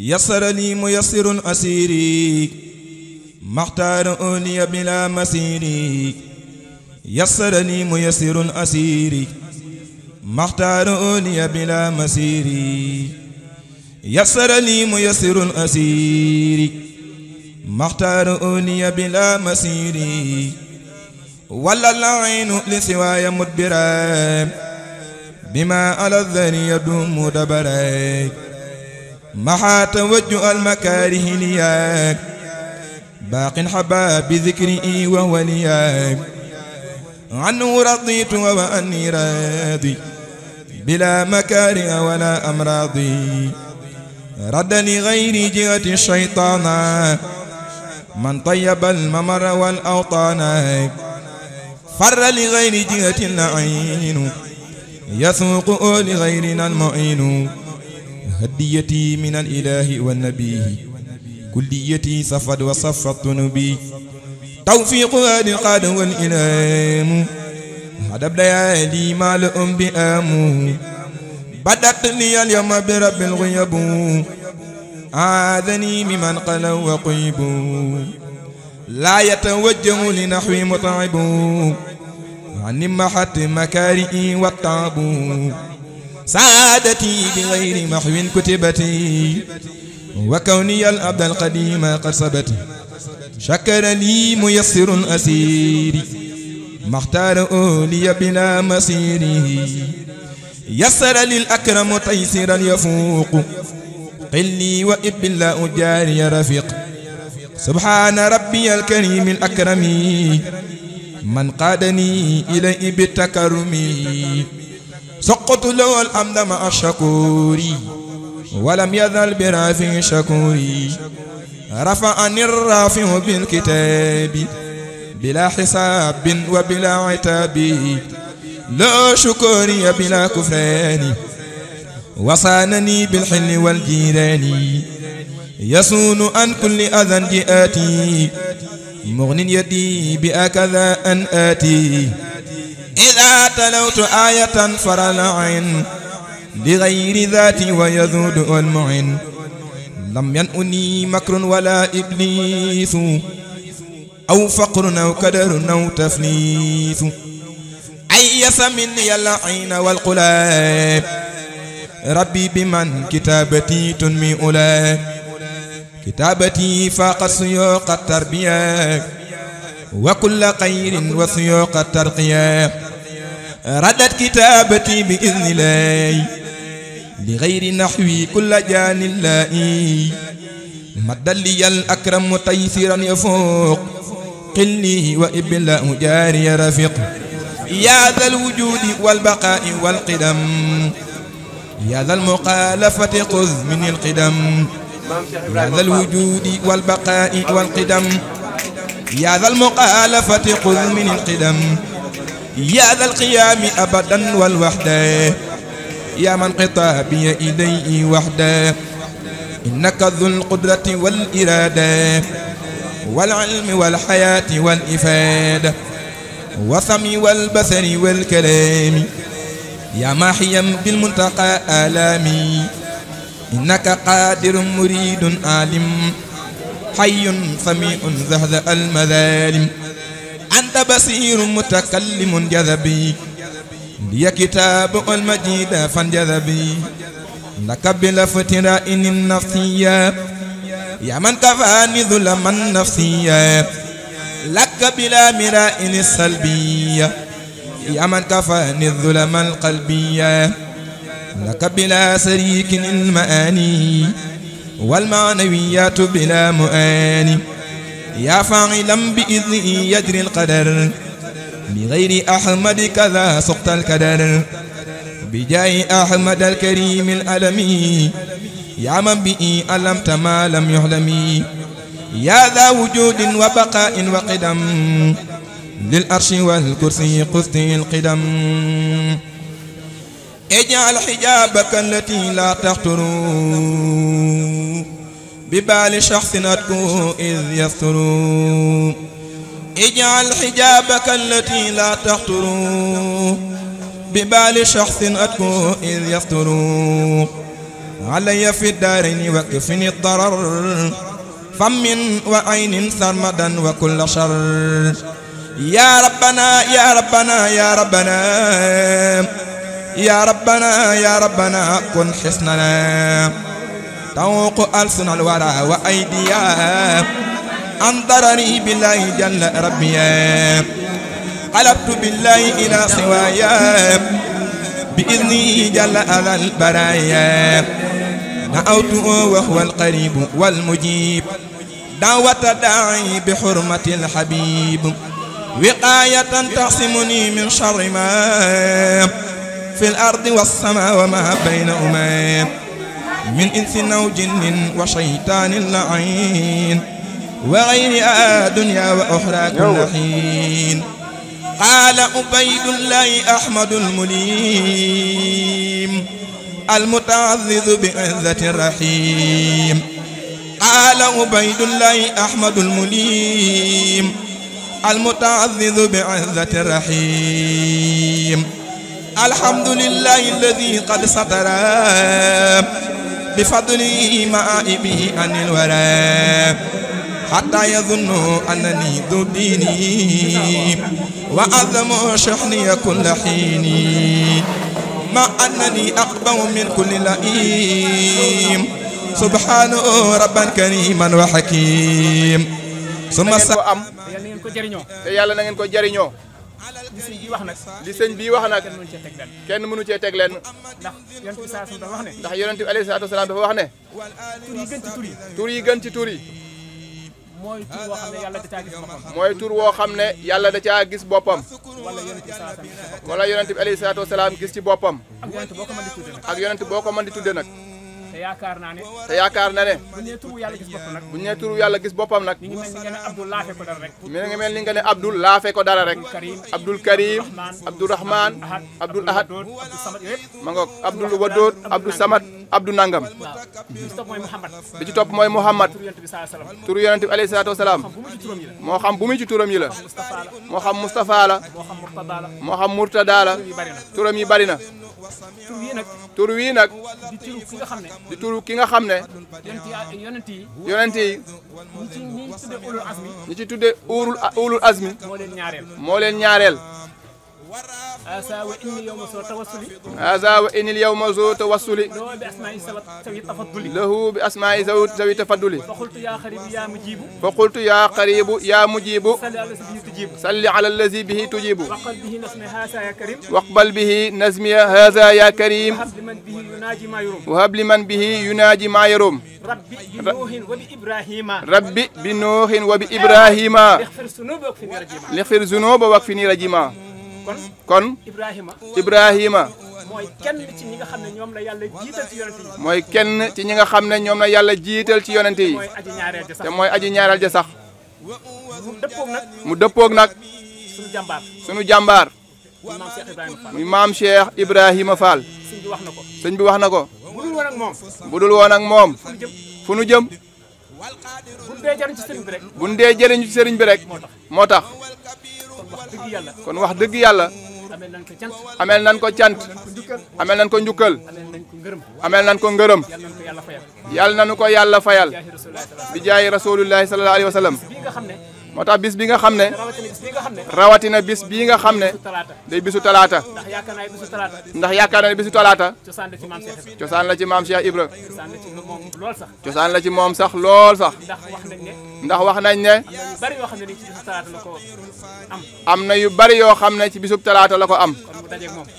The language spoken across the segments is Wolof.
يسر لي ميسر أسيري مختار أولي بلا مسيري يسر لي ميسر أسيري مختار أولي بلا مسيري يسر لي ميسر أسيري مختار أولي بلا مسيري ولا العين لسواي مدبرا بما على الذري يدوم دبرا محا توجه المكاره لياك باق حبا بذكري وهو لياك عنه رضيت وأني راضي بلا مكاره ولا أمراضي ردني غير جهة الشيطان من طيب الممر والأوطان فر لغير جهة العين يسوق لغيرنا المعين هديتي من الإله والنبي كليتي صفد وصفت نبي توفيق القاد والإلام هذا بليالي ما لأم بآمه بدت لي اليوم برب الغيب آذني ممن قل وقيب لا يتوجه لنحوي مطعب عن محت مكارئي والطعب سعادتي بغير محو كتبتي وكوني الأبد القديم قد صبت شكر لي ميسر أسيري ما اختار أولي بلا مصيره يسر للأكرم تيسرا يفوق قل لي وإب الله أجاري رفيق سبحان ربي الكريم الأكرم من قادني إليه بالتكرم سقط له الحمد مع الشكوري ولم يذل برافع شكوري رفعني الرافع بالكتاب بلا حساب وبلا عتاب لا شكوري بلا كفران وصانني بالحل والجيران يصون عن كل أذى جئاتي مغن يدي بأكذا أن آتي إذا تلوت آية فرلعن لغير ذاتي ويذود المعن لم ينؤني مكر ولا إبليس أو فقر أو كدر أو تفنيس أيس مني العين والقلاب ربي بمن كتابتي تنمي أولاك كتابتي فاق سيوق التربيه وكل خير وسيوق الترقية ردت كتابتي بإذن الله لغير نحوي كل جان الله مد لي الأكرم تيسيرا يفوق قلي وإبلاه جاري رفيق يا ذا الوجود والبقاء والقدم يا ذا المخالفة خذ من القدم يا ذا الوجود والبقاء والقدم يا ذا المخالفة قل من القدم يا ذا القيام أبدا والوحدة يا من بي إليه وحده إنك ذو القدرة والإرادة والعلم والحياة والإفادة والسمع والبصر والكلام يا محيا بالمنتقى آلامي إنك قادر مريد عالم حي فميء زهد المذالم أنت بصير متكلم جذبي يا كتاب المجيد فانجذبي لك بلا فتراء النفسية يا من كفاني ظلم النفسية لك بلا مراء السلبية يا من كفاني الظلم القلبية لك بلا سريك المآني والمعنويات بلا مؤان يا فاعلا بإذنه يجري القدر بغير أحمد كذا سقط الكدر بجاه أحمد الكريم الألمي يا من به ألمت ما لم يحلمي يا ذا وجود وبقاء وقدم للأرش والكرسي قسط القدم اجعل حجابك التي لا تخطر ببال شخص أتكوه إذ يستر اجعل حجابك التي لا تخطر ببال شخص اتكو إذ يستر علي في الدارين وكفني الضرر فم وعين سرمدا وكل شر يا ربنا يا ربنا يا ربنا يا ربنا يا ربنا كن حسننا توق ألسن الورى وأيديا أنظرني بالله جل ربي قلبت بالله إلى سوايا بإذنه جل على البرايا نعوت وهو القريب والمجيب دعوة داعي بحرمة الحبيب وقاية تعصمني من شر ما في الأرض والسماء وما بينهما من إنس أو جن وشيطان لعين وغيرها دنيا وأخرى كل حين قال عبيد الله أحمد المليم المتعذذ بعزة الرحيم قال عبيد الله أحمد المليم المتعذذ بعزة الرحيم الحمد لله الذي قد سطر بفضله مائبه عن الورى حتى يظن أنني ذبيني ديني شحني كل حين مع أنني أقبل من كل لئيم سبحان ربا كريما وحكيم ثم سلام يلا نغن كو جارينو li sëñ bi wax nag li sëñ bi wax nag kenn mënu cee teg lenn kenn mënu cee teg lenn ndax yonent bi saa dafa wax ne ndax yonent bi alayhi salaatu wasalaam dafa wax ne tur yi gën ci tur yi tur yi gën ci tur yi mooy tur woo xam ne yàlla da caa gis boppam mooy tur woo xam ne yàlla da caa gis boppam gis ci boppam ak yonent boo ko mën di tudde boo ko mën di tudde te yaakaar naa ne te yaakaar na ne bu ñu nee yàlla gis boppam nag bu ñu nee turu yàlla gis boppam nag mi ngi mel ni nga ne Abdul laafe ko dara rek mi ngi mel ni nga ne Abdul laafe ko dara rek Abdul Karim Abdul Rahman Abdul Ahad ma ngoog Abdul Wadood Abdul Samad Abdul Nangam bi ci topp mooy Muhammad turu yonent bi alayhi salaatu wa salaam moo xam bu muy ci turam yi la moo xam Moustapha la moo xam Murtada la turam yi bari na tur wii nag di turu ki nga xam ne di ki nga xam ne. yonent yi yonent yi. ñi ci tuddee as mi ñi ci tuddee ulul azmi. moo leen ñaareel moo leen ñaareel. أسى وإني اليوم زور توصلي له بأسماء زو تفضلي تفضلي فقلت يا قريب يا مجيب سل صل على الذي به تجيب واقبل به نزمي هذا يا كريم وهب لمن به يناجي ما يروم ربي بنوح وبإبراهيم ربي بنوح وبإبراهيم لخير زنوب واكفني رجيما kon kon Ibrahima Ibrahima. mooy kenn ci ñi nga xam ne ñoom la yàlla jiital ci yonent mooy kenn ci ñi xam ne ñoom la yàlla jiital ci yonent yi. te mooy aji ñaaral ja sax. mu dëppoog nag. mu dëppoog nag. sunu jàmbaar sunu jàmbaar. muy maam Cheikh Ibrahima Fall. sëñ bi wax na ko. sëñ bi wax na ko. budul woon ak moom. fu nu jëm. bu dee jëriñ ci sëriñ bi rek. bu dee moo tax. kon wax dëgg yàlla amel nan ko cant amel nan ko cant amel nan ko njukkal amel nan ko ngërëm yàlla nanu ko yàlla fayal bi jaay rasulullahi sallallahu alayhi wa sallam moo tax bis bi nga xam ne rawatina bis bii nga xam ne day bisu talaata ndax yaakaar naa ne bisu talaata cosaan la ci maam Cheikh Ibra cosaan la ci moom sax lool sax ndax wax nañ ne am na yu bari yoo xam ne ci bisu talaata la ko am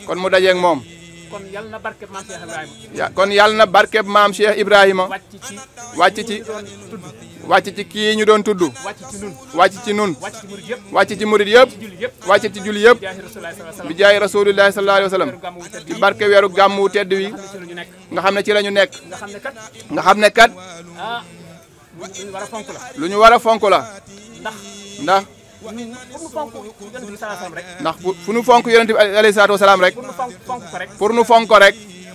kon mu dajeeg moom kon yal na barkeb maam Cheikh Ibrahima. kon yal na barkeb maam Cheikh Ibrahima. wàcc ci wàcc ci. kii ñu doon tudd. wàcc ci nun wàcc ci nun wàcc ci murid yëpp. wàcc ci julli yëpp. bi jaay rasulillahi sallallahu alayhi wa sallam. ci barke weeru gàmmu tedd wi. nga xam ne ci la nekk. nga xam ne kat. Ah, lu ñu war a fonk la. lu ñu fonk la. ndax. ndax fu nu fonk yonent bi alayhi salaatu wasalaam rek pour nu fonk ko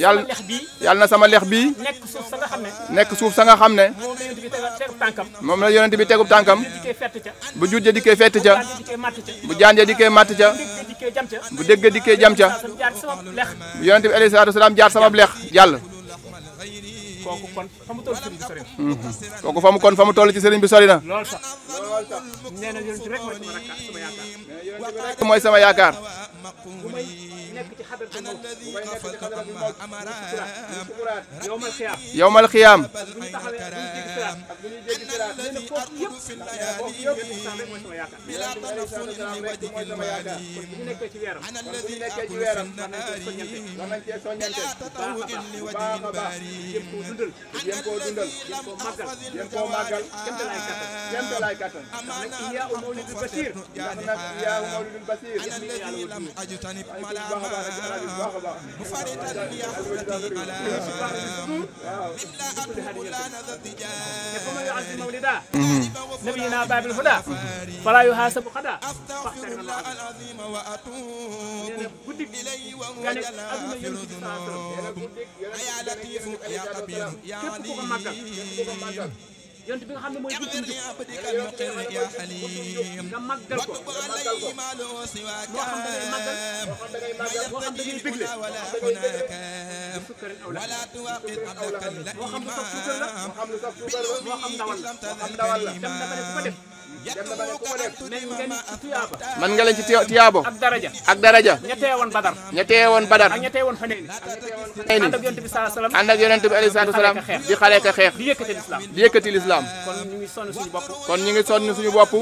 yàlla sama lekh bi nek suuf sa nga xamne mom la yonenti bi tegub tankam bu jujje dikke dikkee ca. bu jaan dikke dikkee ca. bu degge dikke jam ca. bu yonent bi alayhi salatu wassalam jaar sama lex yàlla. kooku kon famu tollu ci serigne bi sori na. Mhm. kooku fa mu sax. neena yonenti rek mooy sama yakar mooy sama yaakaar. مقولي أنا الذي غفلت ما أمر يوم القيام يوم أنا الذي أرقد في الليالي بلا تنفل لوجه الوالي أنا الذي أكل في النهار بلا تطوق لوجه الباري أنا الذي لم أخذ الجوال أمانة فقد نجحت أنا الذي لم أجتنب ملاما مفردا لحظتي ألاما إلا أطلب لنا ذا الدجال نبينا باب الهدى فلا يحاسب قدا أستغفر الله العظيم وأتوب إليه وهو الغفور الذنوب يا لطيف يا خبير يا عليم yonent bi nga xam ne mooy dugg njub nga màggal ko moo xam da ngay màggal moo xam da ngay bégle moo xam da ngay bégle sukkarin aw la moo xam lu saf sukkar la moo xam lu saf sukkar la moo xam ndawal la moo xam ndawal la dem na ba ne ku ko def man nga leen ci tiyaabo ak daraja ak daraja ña teewoon badar ña teewoon badar ak ña teewoon faneen ànd ak yonent bi sallallahu alayhi wasallam di xale ka xeex di yëkkati lislaam salaam kon ngi sonn suñu bopp kon ñu ngi sonn suñu bopp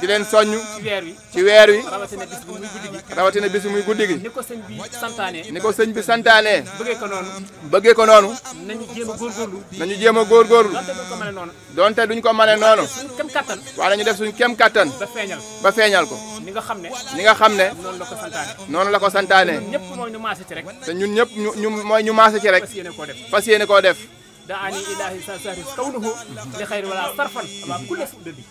di leen soññ ci weer wi ci weer wi rawatina bis bi muy guddi gi rawatina bis bi muy guddi gi ni ko sëñ bi santaane ni ko sëñ bi santaane bëggee ko noonu bëggee ko noonu nañu jéem a góorgóorlu nañu jéem a góorgóorlu donte duñ ko mënee noonu kem kattan waaye ñu def suñu kem kattan ba feeñal ba feeñal ko ñi nga xam ne ñi nga xam ne noonu la ko santaane noonu la ko santaane ñëpp mooy ñu maase ci rek te ñun ñëpp ñu mooy ñu maase ci rek fas yéene koo def دعاني الى حساسه كونه لخير ولا صرفا امام كل سببي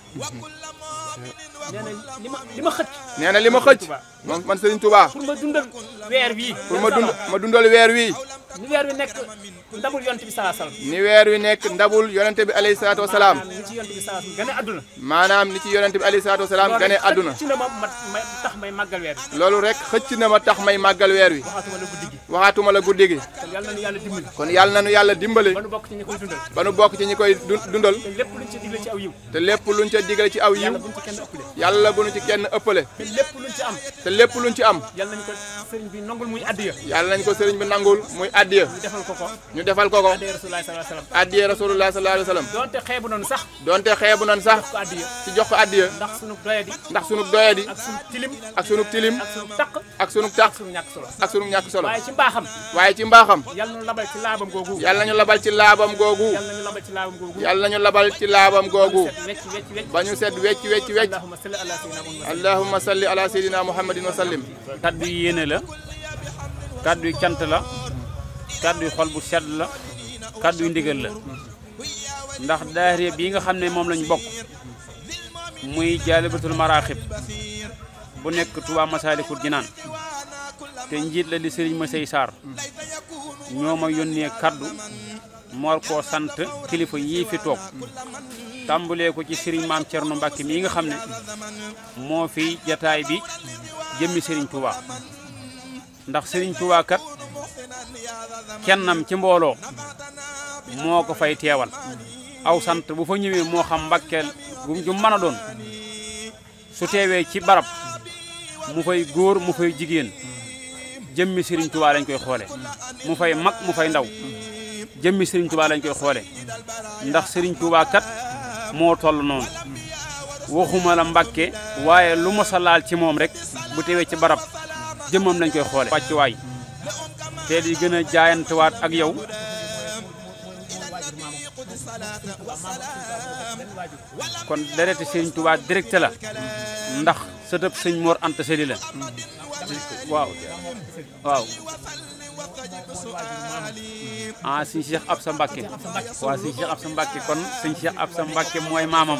لما خدت لما خدت من سيرين توبا ما دوندل وير وي ما دوندل وير وي ni weer wi nekk ndabul yonent bi saa weer wi nekk ndabul yonent bi alayhi salaatu wa salaam. maanaam ni ci yonent bi saa salaatu wa salaam gane àdduna. loolu may màggal weer wi. loolu rek xëcc na ma tax may màggal weer wi. waxaatuma la guddi gi. waxaatuma la guddi gi. kon yàlla nañu yàlla dimbali. kon yàlla nañu yàlla dimbali. ba nu bokk ci ñi koy dundal. ba nu bokk ci ñi koy dundal. te lépp luñ ca digle ci aw yiw. te lépp luñ ca ci aw yiw. yàlla bu ñu ci kenn ëppale. te lépp ci am. te lépp luñ ci am. yàlla nañ ko sëriñ bi nangul muy addiya. yàlla nañ ko sëriñ bi nangul muy addiya ñu defal ko ko ñu defal ko ko addiya rasulullah sallallahu alayhi wa sallam donte xeebu nañ sax donte xeebu nañ sax ci jox ko addiya ndax sunu doyadi ndax sunu doyadi ak sunu tilim ak sunu tilim ak sunu taq ak sunu ñàkk solo waaye ci mbaaxam waaye ci mbaaxam yàlla nañu labal ci laabam googu yàlla nañu labal ci laabam googu yàlla nañu labal ci laabam googu ba ñu set wecc wecc wecc allahumma salli ala sayyidina muhammadin wa sallim kaddu yéene la kaddu cant kàddu yu xol bu sedd la kàddu yu ndigal la ndax daahira bii nga xam ne moom lañ bokk muy jaalibatul maraaxib bu nekk Touba Masaalikul Jinaan te njiit la di sëriñ Masey Sarr ñoo ma yónnee kàddu moor sant kilifa yi fi toog tàmbalee ko ci sëriñ maam Cerno Mbàkke mii nga xam ne moo fi jataay bi jëmmi sëriñ Touba ndax sëriñ Touba kennam ci mbooloo moo ko fay teewal aw sant bu fa ñëwee moo xam mbakkeel ju mën a doon su teewee ci barab mu fay góor mu fay jigéen jëmmi Sëriñ Tuubaa lañ koy xoole mu fay mag mu fay ndaw jëmmi Sëriñ Tuubaa lañ koy xoole ndax Sëriñ Tuubaa kat moo toll noonu waxuma la Mbàkke waaye lu mos a laal ci moom rek bu tewee ci barab jëmmam lañ koy xoole wàcc waay te di gën a jaayantewaat ak yow kon dereti sëñ Tuubaa direct la ndax sëtëb sëñ Mor Anta Sali la waaw waaw ah sëñ Cheikh Absa Mbacke waaw sëñ Cheikh Absa kon sëñ Cheikh Absa Mbacke mooy maamam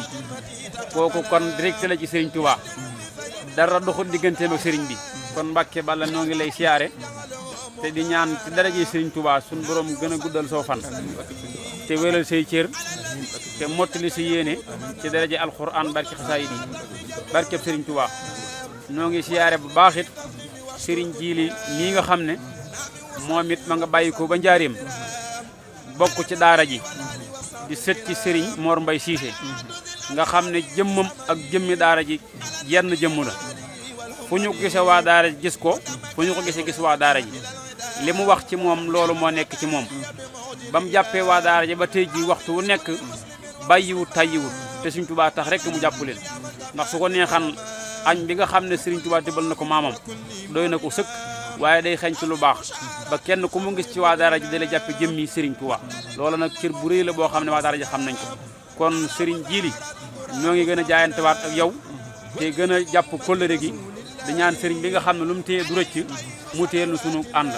kooku kon direct la ci sëñ Tuubaa dara doxul digganteem sëriñ bi kon Mbacke bala noo ngi lay siyaare te di ñaan ci daraje Sëriñ Touba suñ borom gën a guddal soo fan te wéral say cër te mottali si yéene ci daraje alxuraan barke xasaayid yi barkeb Sëriñ Touba noo ngi siyaare bu baaxit it sëriñ jiili mii nga xam ne moom it ma nga bàyyi ko ba njaareem bokk ci daara ji di sët ci sëriñ Mor Mbay Siise nga xam ne jëmmam ak jëmmi daara ji yenn jëmm la fu ñu ko gise waa daara ji gis ko fu ñu ko gise gis waa daara ji li mu wax ci moom loolu moo nekk ci moom ba mu jàppee waa daara ja ba tey ji waxtu wu nekk bàyyiwut tàyyiwut te Sëriñ Tuubaa tax rek mu jàpp leen ndax su ko neexan añ bi nga xam ne Sëriñ Tuubaa bal na ko maamam doy na ko sëkk waaye day xeeñ ci lu baax ba kenn ku mu gis ci waa daara ji da la jàppe jëmmi Sëriñ Tuubaa loola nag cër bu réy la boo xam ne waa daara ji xam nañ ko kon Sëriñ Jiili ñoo ngi gën a jaayantewaat ak yow te gën a jàpp kóllëre gi di ñaan sëriñ bi nga xam ne lu mu téye du rëcc mu téye nu sunu ànd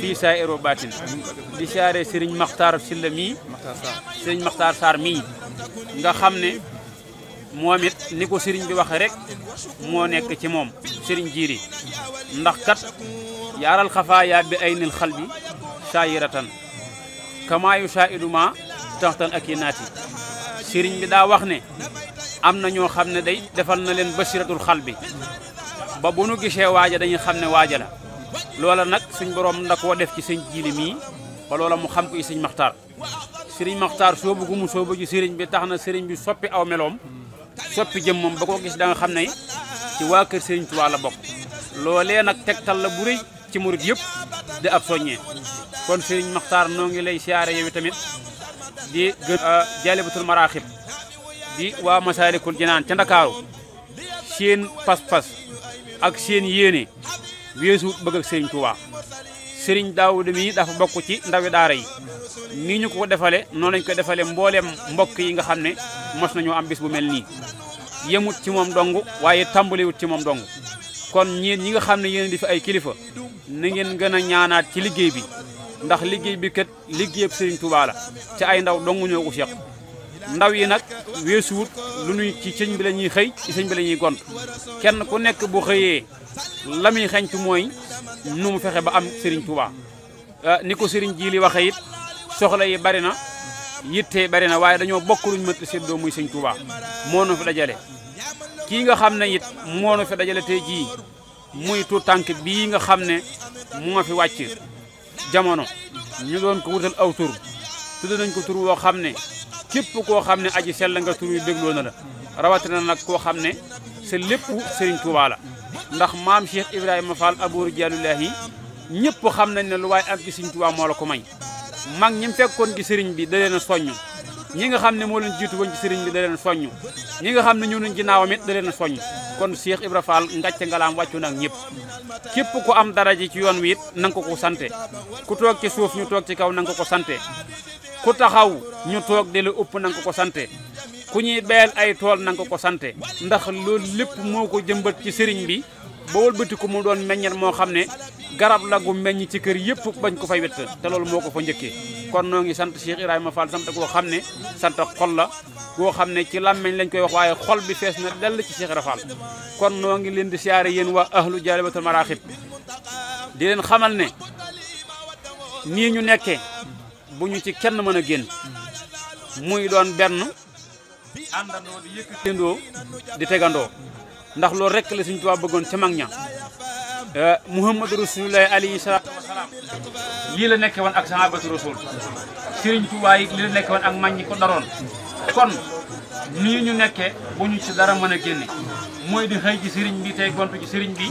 fii saa ero baatin di siyaare sëriñ Maxtaar Silla mii sëriñ Maxtaar Sarr mii nga xam ne moom it ni ko sëriñ bi waxee rek moo nekk ci moom sëriñ jiiri ndax kat yaaral xafaa yaa bi ay nil xal bi saayiratan kamaayu saa iduma taxtan ak i naati sëriñ bi daa wax ne am na ñoo xam ne day defal na leen basiratul xal bi ba bu nu gisee waaja dañuy xam ne waaja la loola nag suñ borom nda koo def ci sëñ jiili mii ba loola mu xam ko ci sëñ maxtaar sëriñ maxtaar soobu gu mu soobu ji bi tax na sëriñ bi soppi aw meloom soppi jëmmam ba ko gis danga nga xam ne ci waa kër sëriñ Tuubaa la bokk loolee nag tegtal la bu ci murit yëpp di ab soññee kon sëriñ maxtaar noo ngi lay siyaare yow tamit di gën jaalibatul maraaxib di waa masaalikul jinaan ca ndakaaru seen pas-pas ak seen yéene weesu bëgg ak Serigne Touba Serigne Daawuda mi dafa bokk ci ndawi daara yi nii ñu ko defale noonu lañ ko defale mbooleem mbokk yi nga xam ne mos nañoo am bis bu mel nii yemut ci moom dong waaye tàmbaliwut ci moom dong kon ñeen ñi nga xam ne yéen di fi ay kilifa na ngeen gën a ñaanaat ci liggéey bi ndax liggéey bi kat liggéeyab Serigne Touba la ci ay ndaw dong ñoo ko seq ndaw yi nag weesuwut lu nuy ci sëñ bi la xëy ci sëñ bi la gont kenn ku nekk bu xëyee lami muy xeñtu mooy nu mu fexe ba am sëriñ Touba euh, ni ko sëriñ ji li waxe it soxla yi bari na yitte bari na waaye dañoo bokk luñ mënta séddoo muy sëñ Touba moo nu fi dajale kii nga xam ne it moo nu fi dajale te jii muy tu tànk bii nga xam ne moo fi wàcc jamono ñu doon ko wutal aw tur tudd nañ ko tur woo xam ne képp koo xam ne aji sell nga tur yu dégloo na la rawatina nag koo xam ne sa lépp Serigne Touba la ndax maam Cheikh Ibrahima Fall Abou Rijaalullahi ñëpp xam nañ ne lu waaye am ci Serigne Touba la ko may mag ñi fekkoon ci Serigne bi da leen ñi nga xam ne moo leen jiitu ci sëriñ bi da leen soññ ñi nga xam ne ñoo leen ginnaawam it da leen soññ kon Cheikh Ibra Fall ngàcce ngalaam wàccu nag ñëpp képp ku am dara ji ci yoon wi it nanga ko ko sante ku toog ci suuf ñu toog ci kaw nanga ko ko sante ku taxaw ñu toog di la ëpp nanga ko ko sante ku ñuy beel ay tool nanga ko ko sante ndax loolu lépp moo ko jëmbat ci sëriñ bi ba wëlbati ko mu doon meññet moo xam ne garab la gu meññ ci kër yëpp bañ ko fay wett te loolu moo ko fa njëkkee kon noo ngi sant Cheikh Ibrahima Fall sant goo xam ne sant xol la goo xam ne ci làmmeñ lañ koy wax waaye xol bi fees na dell ci Cheikh Ibrahima Fall kon noo ngi leen di siyaare yéen waa ahlu jaalibatul maraaxib di leen xamal ne nii ñu nekkee bu ñu ci kenn mën a génn muy doon benn àndandoo di yëkkatendoo di tegandoo ndax loolu rek la suñ Tuubaa bëggoon ca mag ña eh, Muhammadu Rasulullahi alayhi salaatu wasalaam lii la nekke woon ak sahabatu rasul Sëriñ Tuubaa yi lii la nekke woon ak mag ñi ko daroon kon nii ñu nekke bu ñu ci dara mën a génne mooy di xëy ci sëriñ bi tey gontu ci sëriñ bi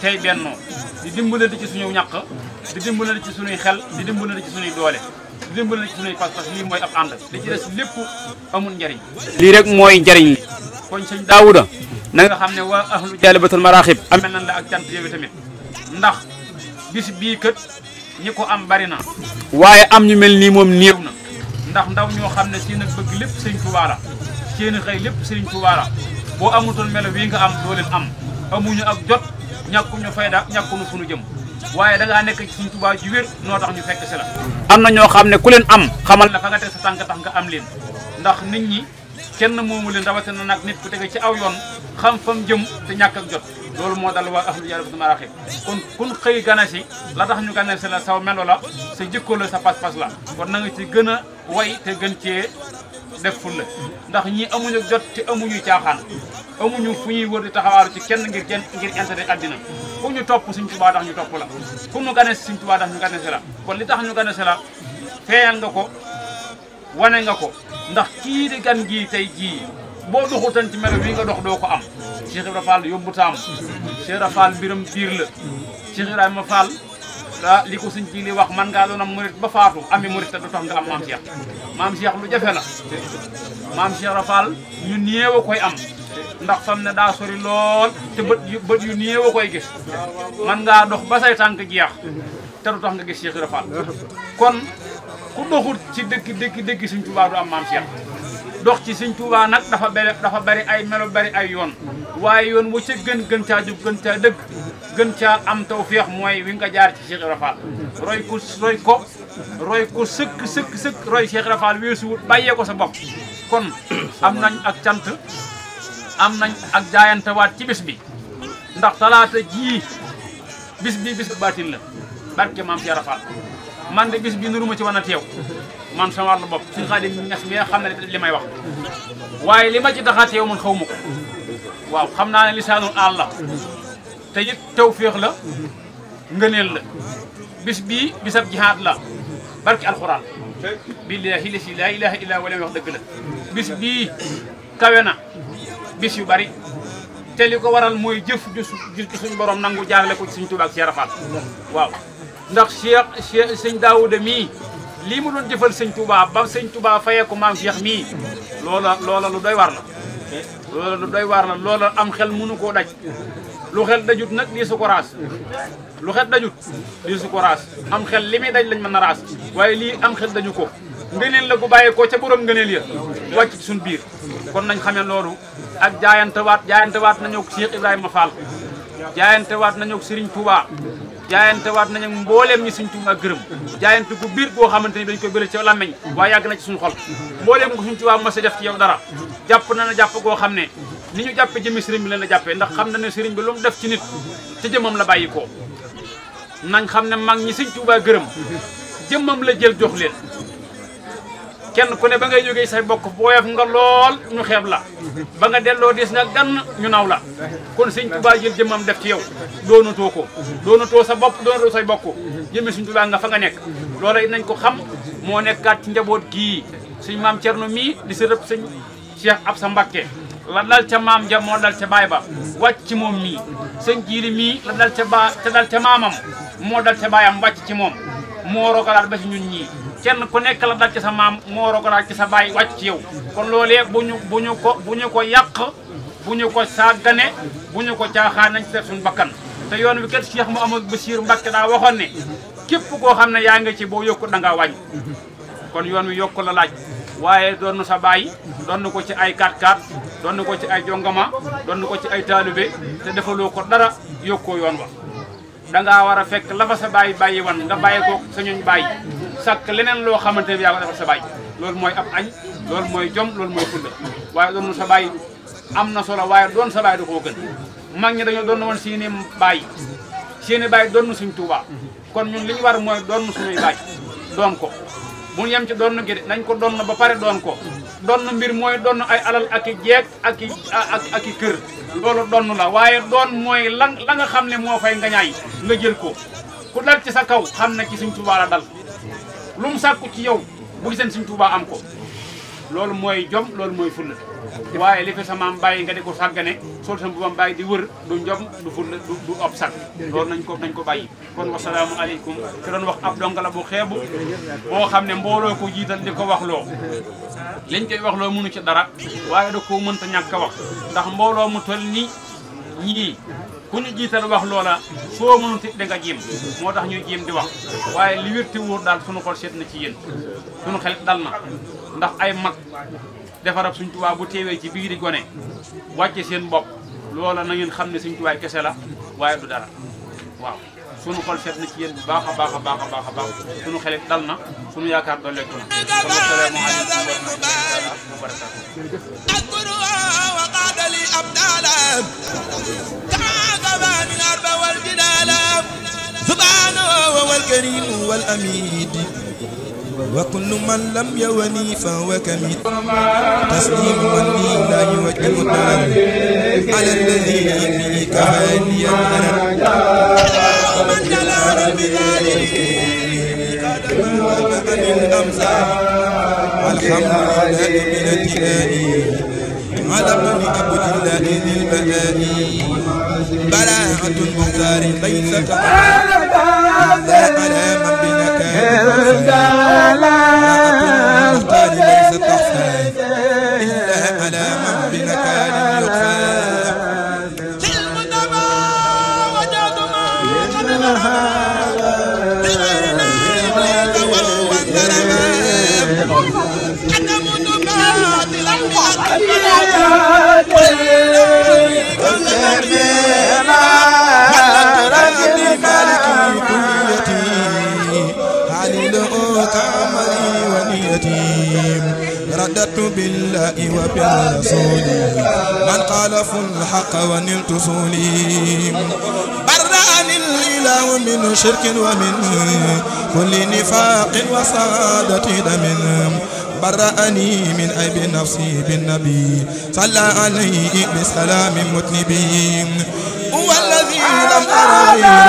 tey bennoo di dimbalante ci suñu ñàq di dimbalante ci suñuy xel di dimbalante ci suñuy doole di dimbalante ci suñuy pas-pas lii mooy ab ànd li ci des lépp amul njariñ lii rek mooy njariñ li kon na nga xam ne waa ahlu jaalibatul maraaxib amel na la ak cant yooyu tamit ndax bis bii kët ñi ko am bari na waaye am ñu mel nii moom néew na ndax ndaw ñoo xam ne seen ak bëgg lépp sëriñ Tuubaa la seen i xëy lépp sëriñ Tuubaa la boo amutoon melo wi nga am doo leen am amuñu ak jot ñàkkuñu fayda ñàkkuñu fu nu jëm waaye danga nekk ci sëriñ Tuubaa wér noo tax ñu fekk si la am na ñoo xam ne ku leen am xamal na fa nga tànk tax nga am leen ndax nit ñi kenn moomu leen rawatina nag nit ku tege ci aw yoon xam fam jëm ñàkk ak jot loolu moo dal waa ahlu yàlla bu maraaxib kon kun xëy ganasi la tax ñu ganasi la saw melo la sa jikko la sa pas la kon na nga ci gën a way te gën cee def fulla ndax ñi amuñu jot te amuñu caaxaan amuñu fu ñuy wër di kenn ngir kenn ngir intérêt àddina ku ñu topp suñ tubaa tax ñu topp la ku ñu ganasi suñ tubaa tax ñu ganasi la kon li tax ñu ganasi la feeñal nga ko wane nga ko ndax kii di gan gii tey jii boo doxutan ci melo wi nga dox doo ko am Cheikh Ibrahima Fall yóbbu taam Cheikh Ibrahima Fall mbiram biir la Cheikh Ibrahima Fall ah li ko sëñ ci li wax man ngaa doon am murit ba faatu ami murit te du tax nga am maam Cheikh maam Cheikh lu jafe la maam Cheikh Ibrahima Fall ñu néew koy am ndax fam ne daa sori lool te bët yu bët yu néew koy gis man ngaa dox ba say tànk jeex te du tax nga gis Cheikh Ibrahima kon ku doxul ci dëkk dëkk dëkk Sëñ Tuubaa du am maam Cheikh dox ci Sëñ Tuubaa nag dafa bari dafa bari ay melo bari ay yoon waaye yoon wu ca gën gën caa jub gën caa dëgg gën caa am tawféex mooy wi nga jaar ci Cheikh Ibra Fall roy ko roy ko roy ko sëkk sëkk sëkk roy Cheikh Ibra Fall weesuwut ko sa bopp kon am nañ ak cant am nañ ak jaayantewaat ci bis bi ndax talaata jii bis bi bis baatin la barke maam Cheikh Ibra Fall man de bis bi nuruma ci wan a teew man sama wàllu bopp suñu xaadim ñax mi nga xam ne wax waye lima ci taxat yow man xaw waaw xamna ni ne allah te it tawfiq la ngeenel la bis bi bisab jihad la barki alquran billahi la ilaha illa huwa wa wax dëgg la bis bi kawena bis yu bari te liko waral moy jëf ju suñu borom nangu jaarale ko ci suñu ak ci rafat waaw ndax Cheikh Cheikh seigne daoud mi li mu doon defal seigne Touba ba seigne Touba faye ko mam Cheikh mi lola lola lu doy war la. lola lu doy war la lola am xel mënu ko daj lu xel dajut nak li su ko ras lu xel dajut li su ko ras am xel limi daj lañ mën ras waye li am xel dañu ko. ngëneel la gu ko ca borom ngëneel ya wàcc ci sun biir kon nañ xamé lolu ak jaayante jaayantewaat jaayantewaat nañoo ak Cheikh Ibrahima Fall jaayantewaat nañoo ak Serigne Touba. jaayante waat nañu mbooleem ñi suñ Tuubaa gërëm jaayante gu biir boo xamante ni dañ ko bëri ci làmmiñ waaye yàgg na ci suñu xol mbooleem ko suñ Tuubaa mos a def ci yow dara jàpp na na jàpp goo xam ne ni ñu jàppe jëmi sëriñ bi leen la jàppee ndax xam na ne sëriñ bi lu mu def ci nit ci jëmam la bàyyi ko nañ xam ne mag ñi suñ Tuubaa gërëm jëmmam la jël jox leen kenn kone ba ngay jógee say bokk booyaf nga lool ñu xeeb la ba nga delloo des nga gan ñu naw la kon sëñ Tuubaa jël jëmmam def ci yow doonatoo ko doonatoo sa bopp doonatoo say bokk jëmmi sëñ Tuubaa nga fa nga nekk loola it nañ ko xam moo nekkaat ci njaboot gii suñ cer Cerno mii di si rëb sëñ Cheikh Absa Mbacké la dal ca maam ja moo dal ca baay ba wàcc ci moom mii sëñ jiili mii la dal ca baa ca dal ca maamam moo dal ca baayam wàcc ci moom moo rogalaat ba ci kenn ku nek la dal ci sa mo ro ko dal ci sa baay wacc ci yow kon lolé buñu buñu ko buñu ko yak buñu ko sagane buñu ko tiaxan nañ ci def bakkan te yoon wi kat Cheikh Mouhamadou Bassirou mbacke da waxon ne kep ko xamne ya nga ci bo yokku da nga wañ kon yoon wi yokku la laaj waye donu sa baay donu ko ci ay kat kat donu ko ci ay jongama donu ko ci ay talibé te defalo ko dara yokko yoon wa da nga wara fekk la fa sa wan nga baye ko sa sàkk leneen loo xamante ne bi yaa ko sa baay loolu mooy ab añ loolu mooy jom loolu mooy fulla waaye doon sa baay am na solo waaye doon sa baay da koo gën mag ñi dañoo doon woon seeni baay seeni baay doon suñ Tuubaa kon ñun li ñu war mooy doon suñuy baay doon ko bu ñu ci doon gi de nañ ko doon ba pare doon ko doon mbir mooy doon ay alal ak i jeeg ak i ak ak i kër loolu doon la waaye doon mooy lan la nga xam ne moo fay ngañaay nga jël ko ku dal ci sa kaw xam na ci suñ Tuubaa lu mu sàkku ci yow bu giseen suñ Tuubaa am ko loolu mooy jom loolu mooy fulla waaye li fi sa maam bàyyi nga di ko sàggane sol sa mbubam bàyyi di wër du njom du fulla du du ob sag loolu nañ ko nañ ko bàyyi kon wasalaamu aleykum te doon wax ab donga la bu xeebu boo xam ne mbooloo ko jiital di ko wax loo liñ koy wax loo mënu ci dara waaye da koo mënta ñàkk a wax ndax mbooloo mu toll nii ñii ku ñu jiital wax loola soo mënut it danga jéem moo tax ñuy jéem di wax waaye li wér daal sunu xol seet na ci yéen sunu xel dal na ndax ay mag defarab suñ tubaa bu teewee ci biir di gone wàcce seen bopp loola na ngeen xam ne suñ tubaay kese la waaye du dara waaw suñu xol seet na ci yéen bu baaxa baaxa baaxa baaxa baax suñu xel dal na suñu yaakar dolleeku na kon والأميد وكل من لم يوني فهو كميد تسليم من لا يوجه على الذي يليك هانيا من جلال بذلك قد ما من أمسى الحمد لله من ابتدائي على ابن عبد الله ذي المداني بلاعة المختار ليس كما على من بنكاء بالله وبرسوله من قال الحق ونلت صولي برأني الإله من شرك ومن كل نفاق وصادة دم برأني من عيب نفسي بالنبي صلى عليه بسلام متنبي هو الذي لم أرى غيره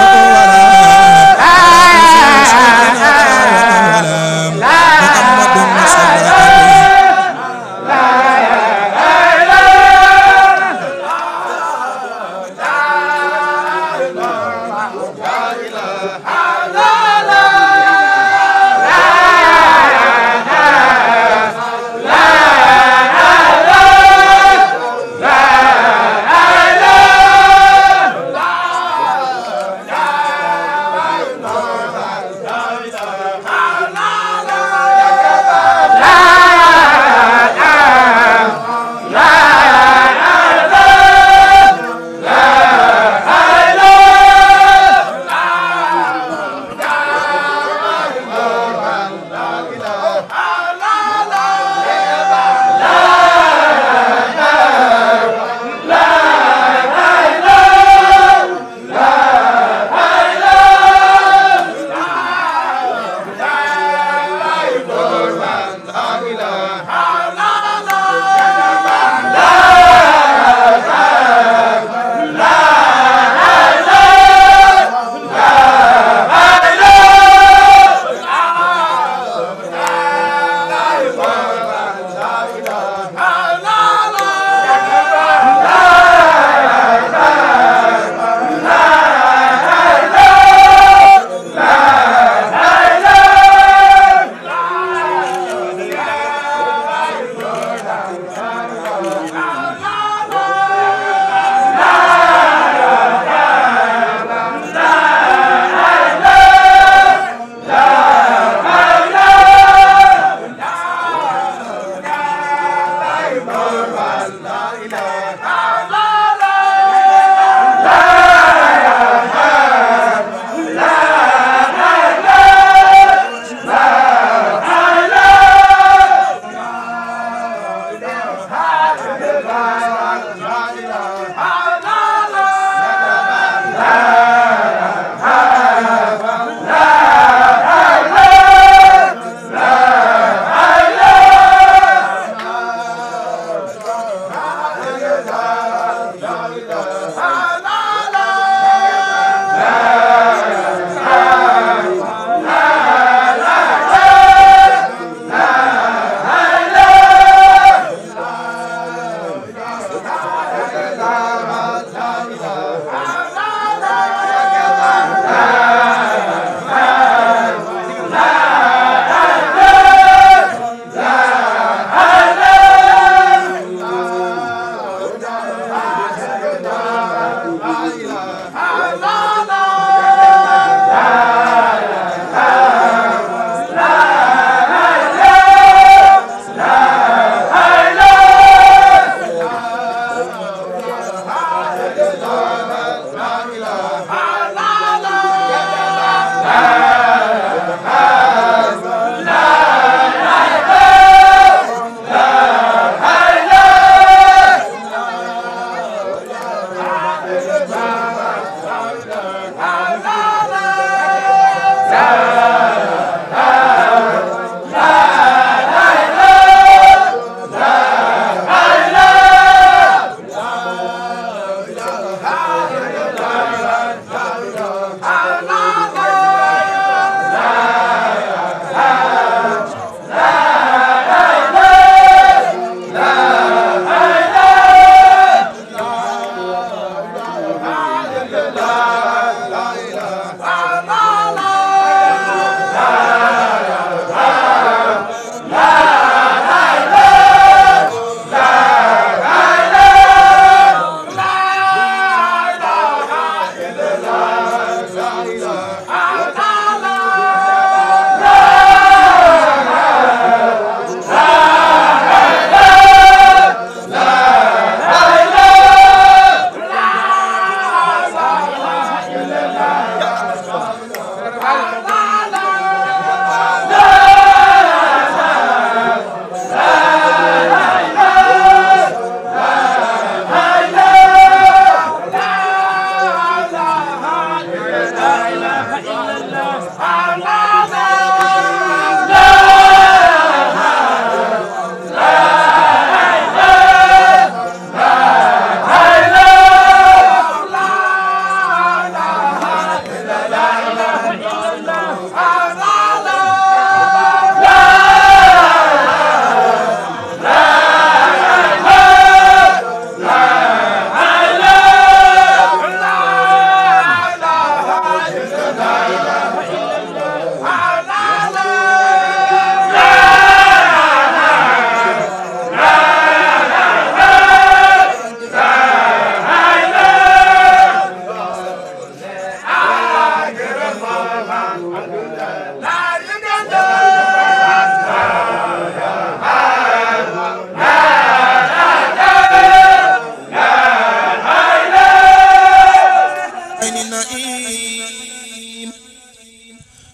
النعيم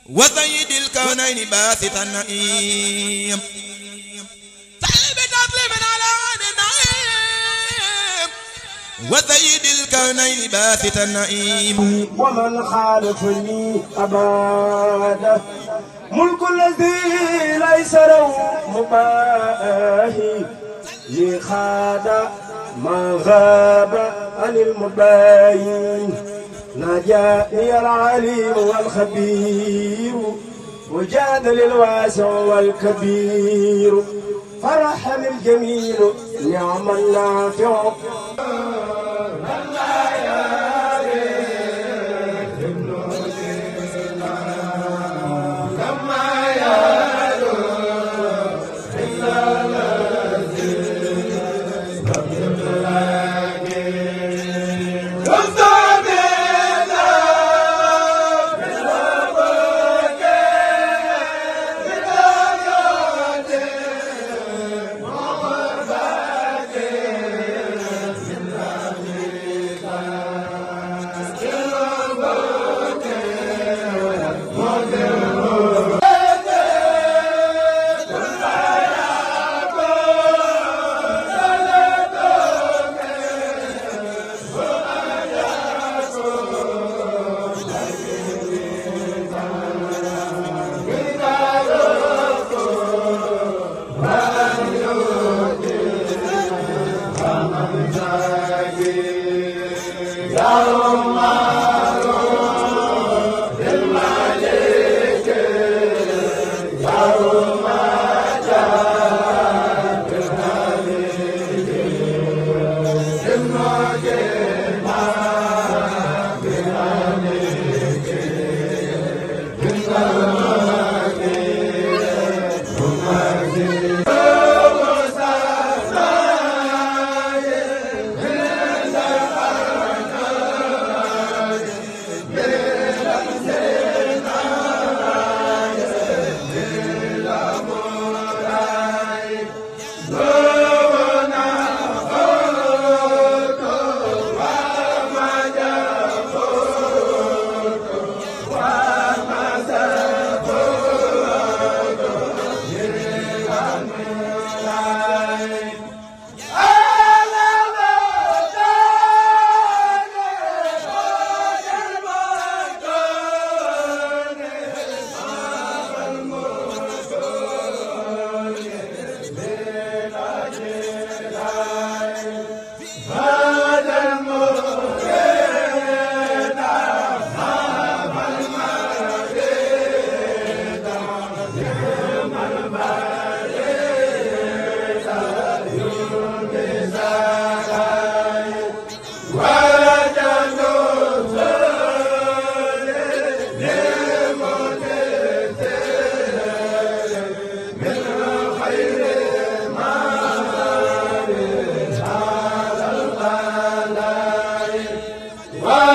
وسيد الكونين باسط النعيم سعيد تظلم على عين النعيم وسيد الكونين باسط النعيم وما الخالق لي أباده ملك الذي ليس له مباهي لخاد ما غاب عن المباين ناجاني العليم والخبير وجاد الواسع والكبير فرح الجميل نعم النافع Why?